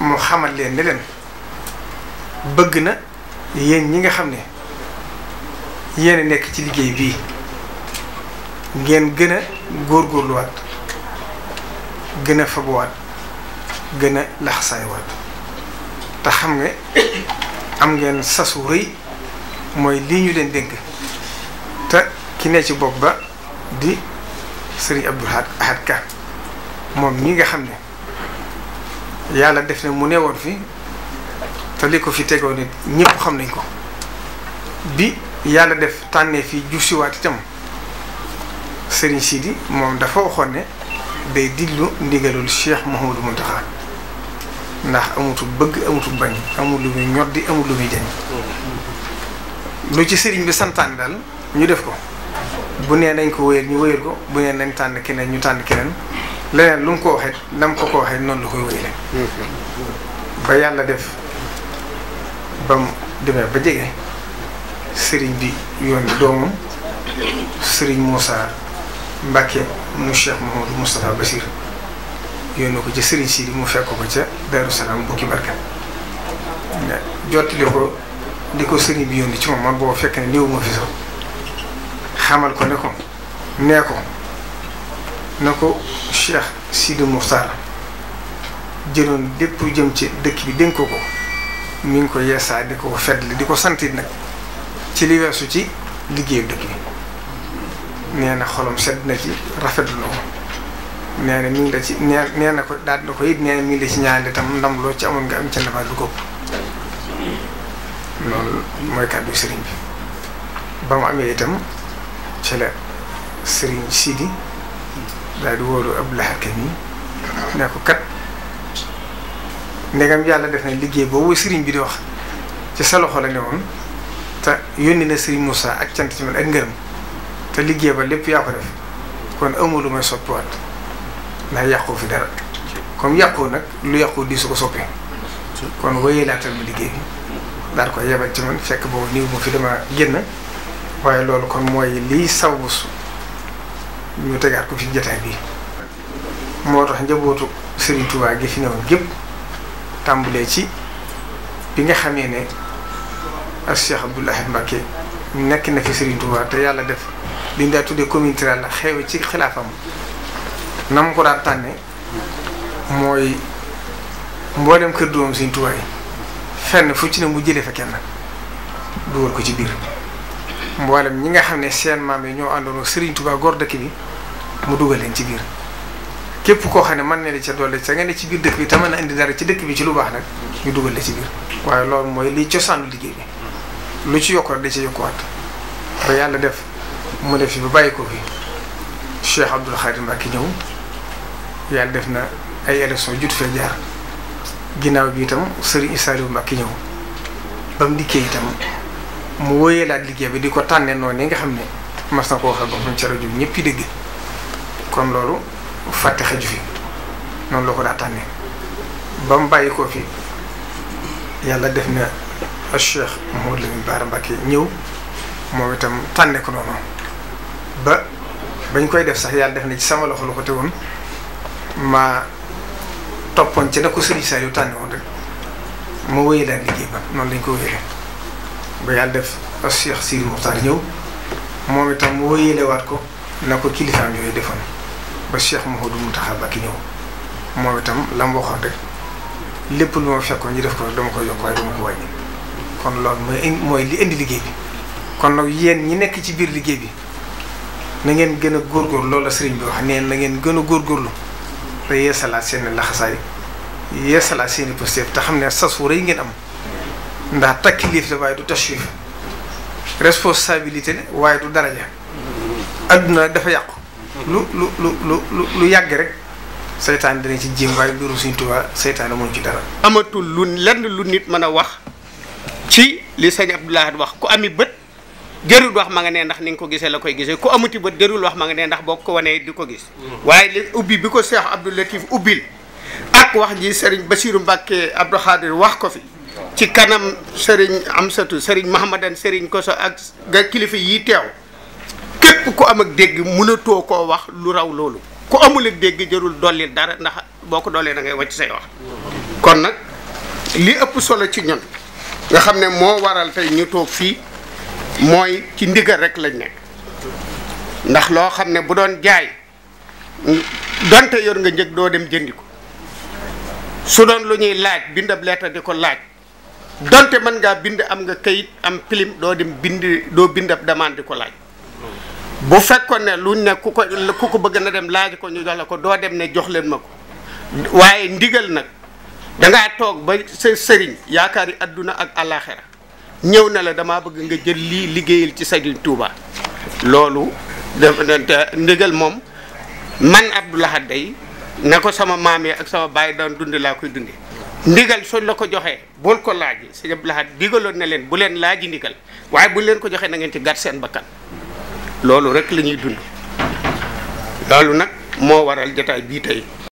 mu xamal leen ne leen bëgg na yéen ñi nga xam ne yéen a nekk ci liggéey bii ngeen gën a góor góorluwaat gën a fabuwaat gën a laxasaaywaat te xam nga am ngeen sasu rëy mooy lii ñu leen dénk te ki ne ci bopp ba di sëriñ Abdou Ahad Ka moom ñi nga xam ne yàlla def ne mu newoon fi te li ko fi tegoon nit ñépp xam nañ ko bi yàlla def tànnee fi jub siwaat itam Serigne Sidi moom dafa waxoon ne day diglu ndigalul Cheikh mu Mountakha ndax amutul bëgg amutul bañ amul lu muy ñoddi amul lu muy jañ lu ci sëriñ bi santaane daal ñu def ko bu nee nañ ko wéyal ñu wéyal ko bu nee nañ tànn keneen ñu tànn keneen leneen lu mu ko waxee nam ko ko waxee noonu la koy wéyale ba yàlla def ba mu demee ba jege sëriñ bi yónni doomam sëriñ Moussa Mbacke mu Cheikh Mouhamadou Moustapha Bassir yónni ko ci sëriñ Sidi mu fekk ko ca Darou Salaam bukki barka jottali ko di ko sëriñ bi yónni ci moom man boo fekk ne néew ma fi sax xamal ko ne ko nee ko na ko Cheikh Sidi Moukhtar jëloon lépp jëm ci dëkk bi dénk ko ko mi ngi ko yeesaa di ko ko fedd di ko santit nag ci liweesu ci liggéeyu dëkk bi nee na xolam sedd na ci rafet na ko nee mu ngi la ci nee nee na na ko it nee na ndam loo ci amoon nga am ci ndamaat du ko loolu mooy kàddu sëriñ bi ba mu amee itam ci la sëriñ Sidi daal di wóolu ab laxakat yi ne ko kat ndegam yàlla def na liggéey boobu sëriñ bi di wax ci sa loxo la ne woon te yónni na sëriñ Moussa ak cant ci man ak ngërëm te liggéey ba lépp yaa ko def kon amul lu may soppiwaat ndax yàqoo fi dara comme yàqoo nag lu yàqoo di su ko soppee kon wéyalaatal ma liggéey bi daal ko yebal ci man fekk boobu nii mu fi dama génn waaye loolu kon mooy liy sababu ñu tegaat ko fi jataay bi moo tax njabootu sëriñ Touba gi fi newoon gépp tàmbalee ci bi nga xamee ne ak Cheikh Abdoul Ahad Mbacké nekk na fi Serigne Touba te yàlla def li ñu daa tuddee commune Tiraal la xew ci xilaafam na mu ko daan tànne mooy mboolem kër doom Serigne Touba fenn fu ci ne mu jëlee fa kenn dugal ko ci biir. mboolem ñi nga xam ne seen maam yi ñoo àndoonoo Serigne Touba gor dëkk bi mu dugal leen ci biir képp koo xam ne mën na la ca doole ca nga ne ci biir dëkk bi tam mën na indi dara ci dëkk bi ci lu baax nag ñu dugal la ci biir waaye loolu mooy li cosaanu liggéey bi lu ci yokk rek da ci yokkuwaat ba yàlla def mu ne fi ba bàyyi ko fi Cheikh Abdoul Khadim Mbacké ñëw yàlla def na ay élection jut fee jaar ginnaaw bi itam Serigne Issa Diop Mbacké ñëw ba mu mu woyee wóyeelaat liggéey bi di ko tànnee noonu nga xam ne mas na ko waxal boppam ca rajo ñëpp yi dégg kon loolu fàtte xaju fi noonu la ko daa tànnee ba mu bàyyi koo fii yàlla def na Cheikh Mouhamadou Lamine Bara Mbacké ñëw moom itam tànne ko noonu ba bañ koy def sax yàlla def na ci sama loxo la ko tegoon ma toppoon ci na ko sëriñ saa yu tànne woon rek mu wéyalaat liggéey ba noonu lañ ko wéyalee. ba yàlla def ak Cheikh Sidi Muxtaar ñëw moom itam mu wëyelewaat ko na ko kilifaam yooyu defoon ba Cheikh Mouhamadou Mountakha Mbacké ñëw moom itam la mu waxoon rek lépp lu ma fekkoon ñu def ko dama koy yokk waaye dama ko wàññi kon loolu mooy mooy li indi liggéey bi kon nag yéen ñi nekk ci biir liggéey bi na ngeen gën a góor góor loolu la sëriñ bi wax neen na ngeen gën a góor góorgóorlu te yeesalaat seen i laxasaay yeesalaat seen i posté te xam ne sas wu rey ngeen am ndax takkilif la waaye du tashrif responsabilité la waaye du daraja adduna dafa yàqu lu lu lu lu lu yàgg rek seytaan dina ci jéem waaye mbirum Sëriñ Tuubaa seytaane moom ci dara amatul lu lenn lu nit mën a wax ci li sëñ du wax ku ami bët jërul wax ma nga ne ndax ni nga ko gisee la koy gisee ku amati bët jërul wax ma nga ne ndax boo ko wanee di ko gis mm. waaye ubbi bi ko Cheikh Abdou Latif ubbil ak wax ji Serigne Bassirou Mbacké Abdou Khadir wax ko fi ci kanam sëriñ Amsatu sëriñ Mahamadan sëriñ ko Koso ak ga kilifa yi teew képp ku am ak dégg mënatoo koo wax lu raw loolu ku amul ak dégg jërul dolli dara ndax boo ko dollee da ngay wàcc say kon nag li ëpp solo ci ñun nga xam ne moo waral tey ñu toog fii mooy ci ndigal rek lañ nekk ndax loo xam ne bu doon jaay dante yor nga njëg doo dem jëndi ko su doon lu ñuy laaj bindab leeta di ko laaj donte mën ngaa bind am nga kayit am pilim doo dem bind doo bind ab demande ko laaj bu fekkoon ne lu ne ku ko ku ko bëgg na dem laaj ko ñu jox ko doo dem ne jox leen ma ko waaye ndigal nag dangaa toog ba sa sëriñ yaakaar yi àdduna ak alaxira ñëw na la damaa bëgg nga jël lii liggéeyal ci Sëriñ Tuuba loolu te ndigal moom man Abdou Lahad day na ko sama maam yi ak sama baay daan dund laa koy dunde ndigal soon la ko joxee bool ko laaj sëñ Abdou Lahad digaloon na leen bu leen laaji ndigal waaye buñ leen ko joxee na ngeen ci gàtt seen bakkan loolu rek lañuy dund loolu nag moo waral jotaay bii tey